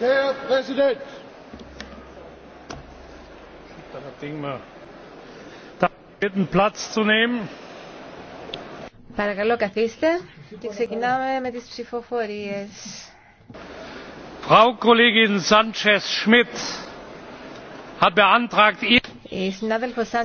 Herr Präsident! Παρακαλώ καθίστε και ξεκινάμε με τις ψηφοφορίες. Frau Kollegin Sanchez Schmidt hat beantragt,